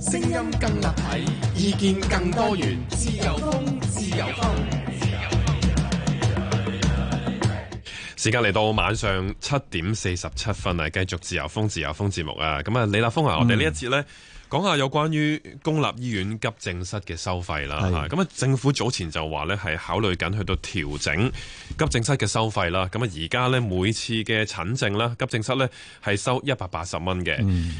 聲音更立體，意見更多元，自由風，自由風，自由風。時間嚟到晚上七點四十七分啊，繼續自由風，自由風節目啊，咁啊，李立峰啊，我哋呢一節咧。嗯講下有關於公立醫院急症室嘅收費啦，咁啊的政府早前就話咧係考慮緊去到調整急症室嘅收費啦。咁啊而家咧每次嘅診症啦，急症室咧係收一百八十蚊嘅。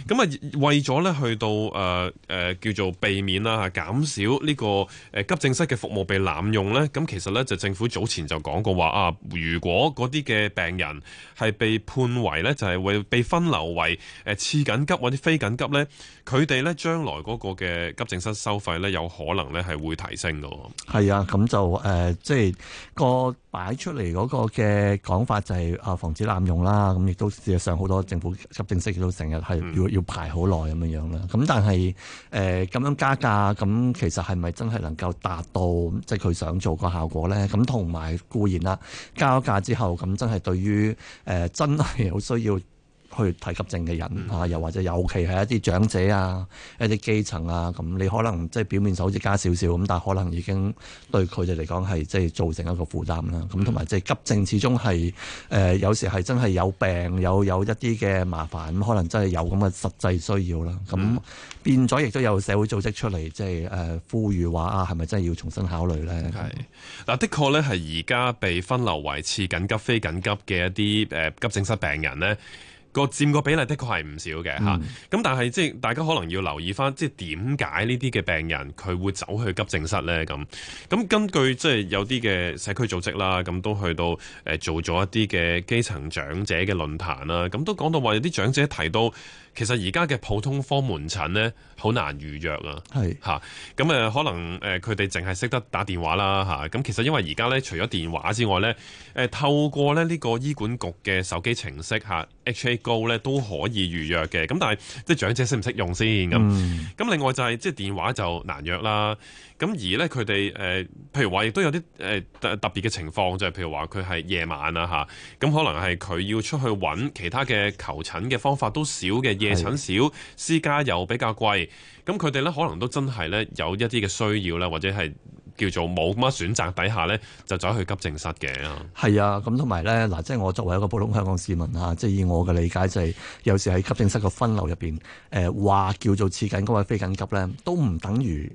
咁啊、嗯、為咗咧去到誒誒、呃、叫做避免啦吓減少呢個誒急症室嘅服務被濫用咧，咁其實咧就政府早前就講過話啊，如果嗰啲嘅病人係被判為咧就係、是、會被分流為誒次緊急或者非緊急咧，佢哋。咧，將來嗰個嘅急症室收費咧，有可能咧係會提升嘅。係啊，咁就誒，即係個擺出嚟嗰個嘅講法就係、是、啊、呃，防止濫用啦。咁亦都事實上好多政府急症室都成日係要、嗯、要，要排好耐咁樣樣啦。咁但係誒咁樣加價，咁其實係咪真係能夠達到即係佢想做個效果咧？咁同埋固然啦，加咗價之後，咁真係對於誒、呃、真係有需要。去睇急症嘅人吓，又或者尤其係一啲長者啊、一啲基層啊，咁你可能即係表面上好似加少少咁，但係可能已經對佢哋嚟講係即係造成一個負擔啦。咁同埋即係急症，始終係誒有時係真係有病有有一啲嘅麻煩，咁可能真係有咁嘅實際需要啦。咁變咗亦都有社會組織出嚟即係誒呼籲話啊，係咪真係要重新考慮咧？係嗱，的確咧係而家被分流為次緊急、非緊急嘅一啲誒急症室病人咧。個佔個比例，的確係唔少嘅吓、嗯、咁但係，即係大家可能要留意翻，即係點解呢啲嘅病人佢會走去急症室咧？咁咁根據即係有啲嘅社區組織啦，咁都去到誒做咗一啲嘅基層長者嘅論壇啦。咁都講到話有啲長者提到，其實而家嘅普通科門診咧，好難預約啊。係吓咁誒，可能誒佢哋淨係識得打電話啦吓咁，其實因為而家咧，除咗電話之外咧，透過咧呢個醫管局嘅手機程式吓 HA Go 咧都可以預約嘅，咁但係即長者識唔識用先咁？咁、嗯、另外就係即電話就難約啦。咁而咧佢哋誒，譬如話亦都有啲誒特別嘅情況，就係譬如話佢係夜晚啊嚇，咁可能係佢要出去揾其他嘅求診嘅方法都少嘅，夜診少，是的 私家又比較貴。咁佢哋咧可能都真係咧有一啲嘅需要啦，或者係。叫做冇乜選擇底下咧，就走去急症室嘅。係啊，咁同埋咧，嗱，即係我作為一個普通香港市民嚇，即係以我嘅理解、就是，就係有時喺急症室個分流入面，誒、呃、話叫做次緊急嗰個非緊急咧，都唔等於。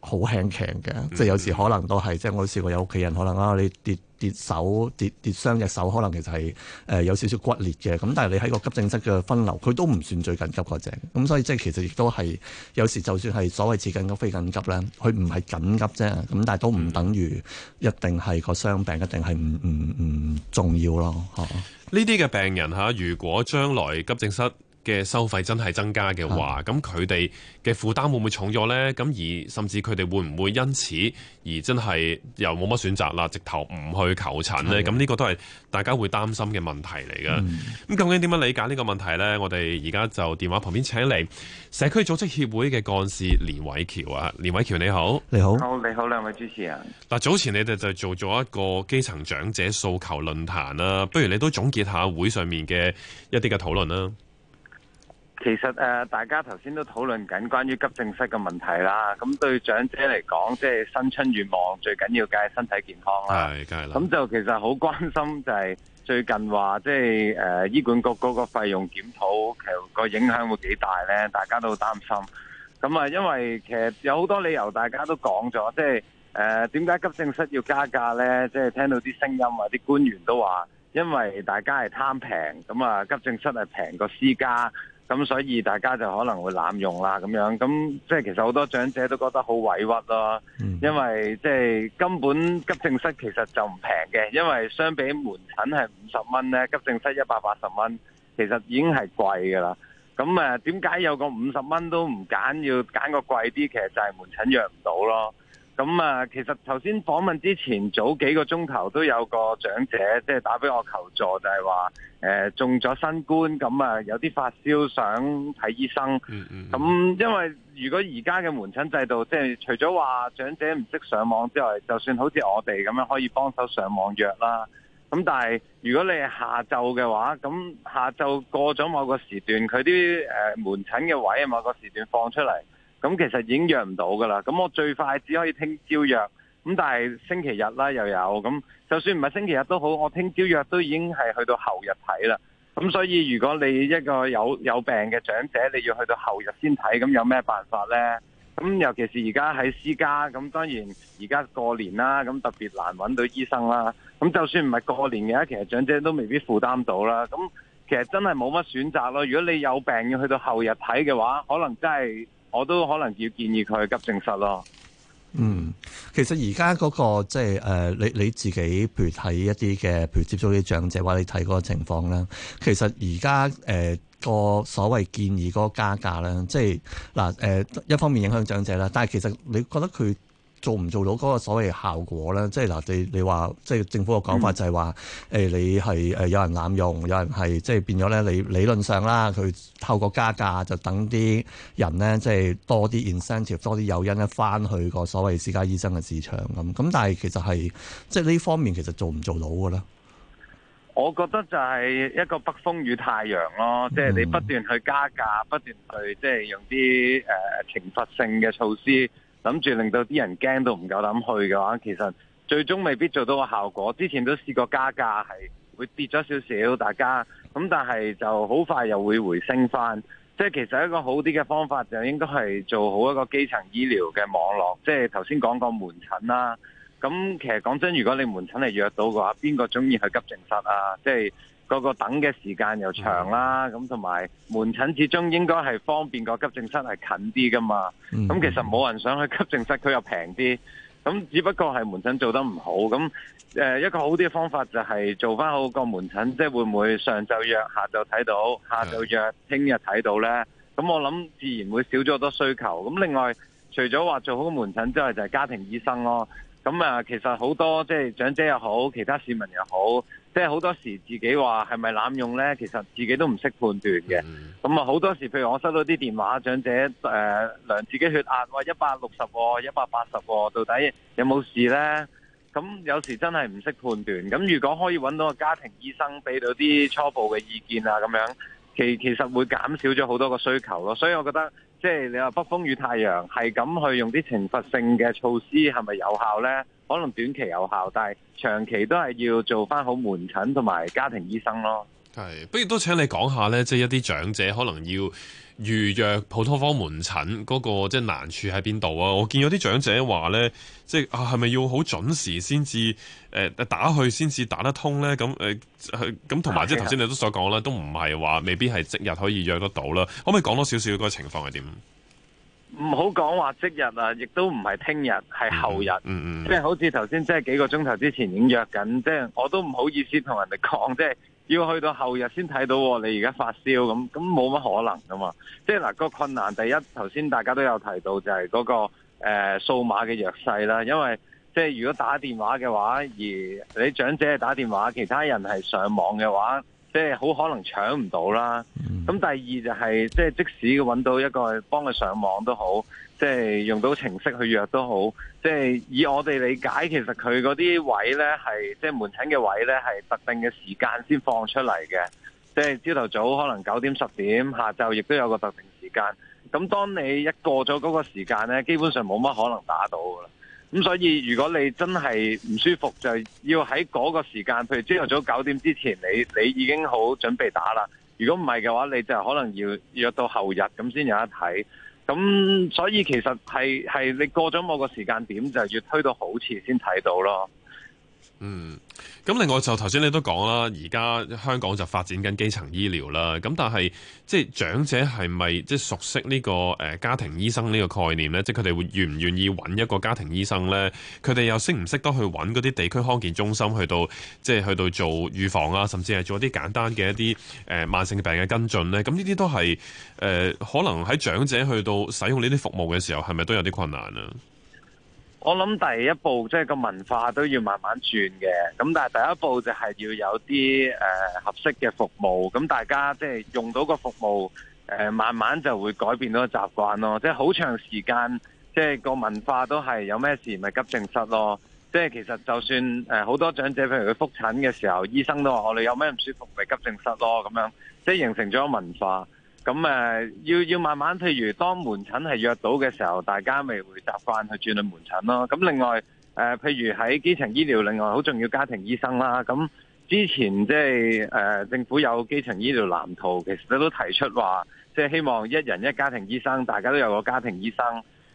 好輕頸嘅，即係有時可能都係，即係我都試過有屋企人可能啦，你跌跌手跌跌傷隻手，可能其實係誒有少少骨裂嘅，咁但係你喺個急症室嘅分流，佢都唔算最緊急嗰隻，咁所以即係其實亦都係有時就算係所謂次緊急非緊急咧，佢唔係緊急啫，咁但係都唔等於一定係個傷病一定係唔唔唔重要咯，嚇。呢啲嘅病人嚇，如果將來急症室。嘅收費真係增加嘅話，咁佢哋嘅負擔會唔會重咗呢？咁而甚至佢哋會唔會因此而真係又冇乜選擇啦？直頭唔去求診呢？咁呢的個都係大家會擔心嘅問題嚟㗎。咁、嗯、究竟點樣理解呢個問題呢？我哋而家就電話旁邊請嚟社區組織協會嘅幹事連瑋翹啊，連瑋翹你好，你好，你好、哦、你好兩位主持人。嗱早前你哋就做咗一個基層長者訴求論壇啦，不如你都總結下會上面嘅一啲嘅討論啦。其實誒、呃，大家頭先都討論緊關於急症室嘅問題啦。咁對長者嚟講，即係新春願望最緊要梗係身體健康啦。係的，啦。咁就其實好關心就係最近話即係誒、呃、醫管局嗰個費用檢討，其實個影響會幾大咧？大家都好擔心。咁啊，因為其實有好多理由，大家都講咗，即係誒點解急症室要加價咧？即係聽到啲聲音啊，啲官員都話，因為大家係貪平，咁啊急症室係平過私家，咁所以大家就可能會濫用啦，咁樣咁即係其實好多長者都覺得好委屈咯，嗯、因為即係、即係、根本急症室其實就唔平嘅，因為相比門診係五十蚊咧，急症室一百八十蚊，其實已經係貴噶啦。咁誒點解有個五十蚊都唔揀，要揀個貴啲，其實就係門診約唔到咯。咁啊，其實頭先訪問之前早幾個鐘頭都有個長者，即係打俾我求助，就係話誒中咗新冠，咁啊有啲發燒想睇醫生。咁，嗯嗯嗯，因為如果而家嘅門診制度，即係除咗話長者唔識上網之外，就算好似我哋咁樣可以幫手上網約啦。咁但係如果你係下晝嘅話，咁下晝過咗某個時段，佢啲誒門診嘅位啊某個時段放出嚟。咁其實已經約唔到㗎啦。咁我最快只可以聽朝約，咁但係星期日啦又有。咁就算唔係星期日都好，我聽朝約都已經係去到後日睇啦。咁所以如果你一個有有病嘅長者，你要去到後日先睇，咁有咩辦法呢？咁尤其是而家喺私家，咁當然而家過年啦，咁特別難揾到醫生啦。咁就算唔係過年嘅，其實長者都未必負擔到啦。咁其實真係冇乜選擇咯。如果你有病要去到後日睇嘅話，可能真係。我都可能要建議佢急症室咯。嗯，其實而家嗰個即係誒，你你自己，譬如睇一啲嘅，譬如接觸啲長者，或者你睇個情況啦。其實而家誒個所謂建議嗰個加價咧，即係嗱誒一方面影響長者啦。但係其實你覺得佢做唔做到嗰個所謂效果呢？即係嗱，你你話即係政府嘅講法就係話，誒、嗯哎、你係誒有人濫用，有人係即係變咗呢。理理論上啦，佢透過加價就等啲人呢，即係多啲 incentive，多啲誘因咧，翻去個所謂私家醫生嘅市場咁。咁但係其實係即係呢方面其實做唔做到嘅咧？我覺得就係一個北風與太陽咯，即係你不斷去加價，不斷去即係用啲誒懲罰性嘅措施。諗住令到啲人驚到唔夠膽去嘅話，其實最終未必做到個效果。之前都試過加價，係會跌咗少少，大家咁，但係就好快又會回升翻。即係其實一個好啲嘅方法就應該係做好一個基層醫療嘅網絡。即係頭先講過門診啦，咁其實講真，如果你門診係約到嘅話，邊個中意去急症室啊？即係。個個等嘅時間又長啦，咁同埋門診始終應該係方便個急症室係近啲㗎嘛，咁、mm hmm. 其實冇人想去急症室，佢又平啲，咁只不過係門診做得唔好，咁誒、呃、一個好啲嘅方法就係做返好個門診，即、就、係、是、會唔會上晝約，下晝睇到，下晝約，聽日睇到呢？咁、mm hmm. 我諗自然會少咗好多需求。咁另外除咗話做好個門診之外，就係家庭醫生咯、啊，咁啊、呃、其實好多即係長者又好，其他市民又好。即係好多時自己話係咪濫用呢？其實自己都唔識判斷嘅。咁啊、mm，好、hmm. 多時譬如我收到啲電話，長者誒、呃、量自己血壓，話一百六十喎，一百八十喎，到底有冇事呢？咁有時真係唔識判斷。咁如果可以揾到個家庭醫生，俾到啲初步嘅意見啊，咁樣其其實會減少咗好多個需求咯。所以我覺得，即係你話北風與太陽係咁去用啲懲罰性嘅措施，係咪有效呢？可能短期有效，但係長期都係要做翻好門診同埋家庭醫生咯。係，不如都請你講下咧，即係一啲長者可能要預約普通科門診嗰個即係難處喺邊度啊？我見有啲長者話咧，即係係咪要好準時先至誒打去先至打得通咧？咁誒咁同埋即係頭先你都所講啦，都唔係話未必係即日可以約得到啦。可唔可以講多少少嗰個情況係點？唔好講話即日啊，亦都唔係聽日，係後日。嗯嗯。嗯嗯即係好似頭先，即係幾個鐘頭之前已經約緊，即係我都唔好意思同人哋講，即係要去到後日先睇到你而家發燒咁，咁冇乜可能噶嘛。即係嗱、那個困難，第一頭先大家都有提到就係嗰、那個誒、呃、數碼嘅弱勢啦，因為即係如果打電話嘅話，而你長者係打電話，其他人係上網嘅話。即係好可能搶唔到啦。咁第二就係，即係即使揾到一個幫佢上網都好，即係用到程式去約都好。即係以我哋理解，其實佢嗰啲位呢係，即係門診嘅位呢係特定嘅時間先放出嚟嘅。即係朝頭早可能九點十點，下晝亦都有個特定時間。咁當你一過咗嗰個時間呢，基本上冇乜可能打到噶啦。咁所以如果你真係唔舒服，就要喺嗰個時間，譬如朝頭早九點之前，你你已經好準備打啦。如果唔係嘅話，你就可能要約到後日咁先有得睇。咁所以其實係係你過咗某個時間點，就要推到好遲先睇到咯。嗯，咁另外就頭先你都講啦，而家香港就發展緊基層醫療啦。咁但係即係長者係咪即係熟悉呢個誒家庭醫生呢個概念呢？即係佢哋會願唔願意揾一個家庭醫生呢？佢哋又識唔識得去揾嗰啲地區康健中心去到即係、就是、去到做預防啊，甚至係做一啲簡單嘅一啲誒慢性病嘅跟進呢？咁呢啲都係、呃、可能喺長者去到使用呢啲服務嘅時候，係咪都有啲困難啊？我諗第一步即係、就是、個文化都要慢慢轉嘅，咁但係第一步就係要有啲誒、呃、合適嘅服務，咁大家即係、就是、用到個服務，誒、呃、慢慢就會改變到習慣咯，即係好長時間即係個文化都係有咩事咪急症室咯，即、就、係、是、其實就算誒好多長者譬如佢復診嘅時候，醫生都話我哋有咩唔舒服咪急症室咯，咁樣即係、就是、形成咗文化。咁誒要要慢慢，譬如當門診係約到嘅時候，大家咪會習慣去轉去門診咯。咁另外誒，譬如喺基層醫療，另外好重要家庭醫生啦。咁之前即係誒政府有基層醫療藍圖，其實都提出話，即係希望一人一家庭醫生，大家都有個家庭醫生。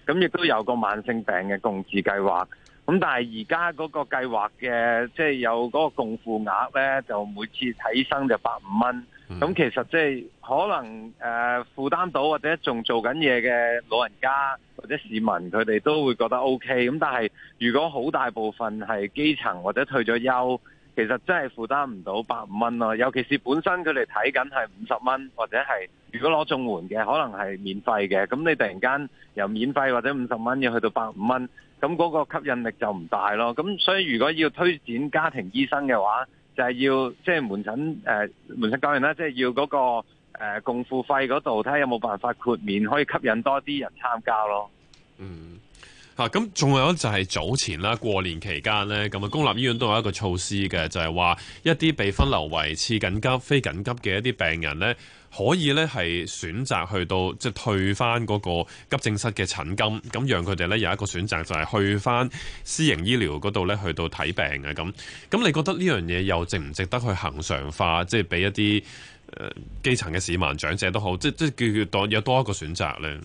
咁亦都有個慢性病嘅共治計劃。咁但係而家嗰個計劃嘅即係有嗰個共付額呢，就每次睇醫生就百五蚊。咁、嗯、其實即係可能誒、呃、負擔到或者仲做緊嘢嘅老人家或者市民佢哋都會覺得 OK，咁但係如果好大部分係基層或者退咗休，其實真係負擔唔到百五蚊咯。尤其是本身佢哋睇緊係五十蚊或者係如果攞綜援嘅，可能係免費嘅。咁你突然間由免費或者五十蚊要去到百五蚊，咁嗰個吸引力就唔大咯。咁所以如果要推展家庭醫生嘅話，就係要即係、就是、門診，誒、呃、門診教員啦，即、就、係、是、要嗰、那個、呃、共付費嗰度，睇下有冇辦法豁免，可以吸引多啲人參加咯。嗯，嚇，咁仲有就係早前啦，過年期間咧，咁啊公立醫院都有一個措施嘅，就係、是、話一啲被分流為次緊急、非緊急嘅一啲病人咧。可以咧，係選擇去到即係退翻嗰個急症室嘅診金，咁讓佢哋咧有一個選擇，就係、是、去翻私營醫療嗰度咧去到睇病嘅咁。咁你覺得呢樣嘢又值唔值得去恒常化，即係俾一啲、呃、基層嘅市民、長者都好，即係即係叫佢多有多一個選擇咧？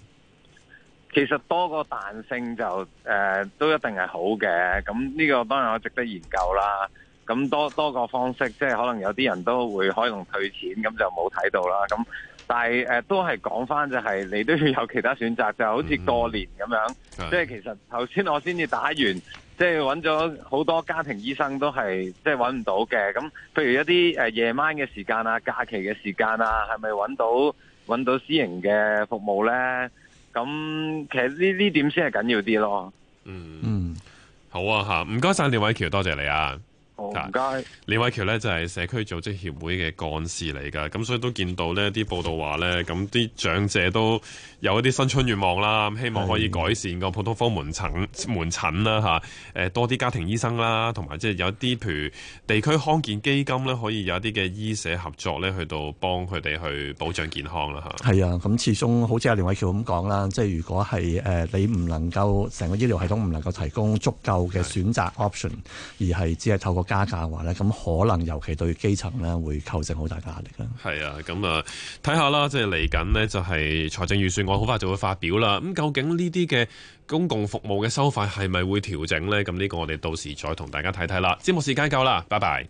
其實多個彈性就、呃、都一定係好嘅，咁呢個當然我值得研究啦。咁多多個方式，即係可能有啲人都會可能退錢，咁就冇睇到啦。咁但係誒、呃，都係講翻，就係你都要有其他選擇，就好似過年咁樣。Mm hmm. 即係其實頭先我先至打完，即係搵咗好多家庭醫生都係即係搵唔到嘅。咁譬如一啲誒、呃、夜晚嘅時間啊，假期嘅時間、mm hmm. 啊，係咪搵到搵到私營嘅服務咧？咁其實呢呢點先係緊要啲咯。嗯嗯，好啊吓，唔該晒連瑋翹，多謝你啊。唔該。哦、謝謝連瑋翹咧，就係、是、社區組織協會嘅幹事嚟㗎，咁所以都見到呢啲報道，話咧，咁啲長者都有一啲新春願望啦，希望可以改善個普通科門診門診啦吓，誒多啲家庭醫生啦，同埋即係有啲譬如地區康健基金咧，可以有啲嘅醫社合作咧，去到幫佢哋去保障健康啦吓，係啊，咁始終好似阿連瑋翹咁講啦，即係如果係誒、呃、你唔能夠成個醫療系統唔能夠提供足夠嘅選擇 option，的而係只係透過。加價嘅話咧，咁可能尤其對基層咧會構成好大嘅壓力啦。係啊，咁啊睇下啦，即係嚟緊呢，就係財政預算案好快就會發表啦。咁、嗯嗯、究竟呢啲嘅公共服務嘅收費係咪會調整呢？咁呢個我哋到時再同大家睇睇啦。節目時間夠啦，拜拜。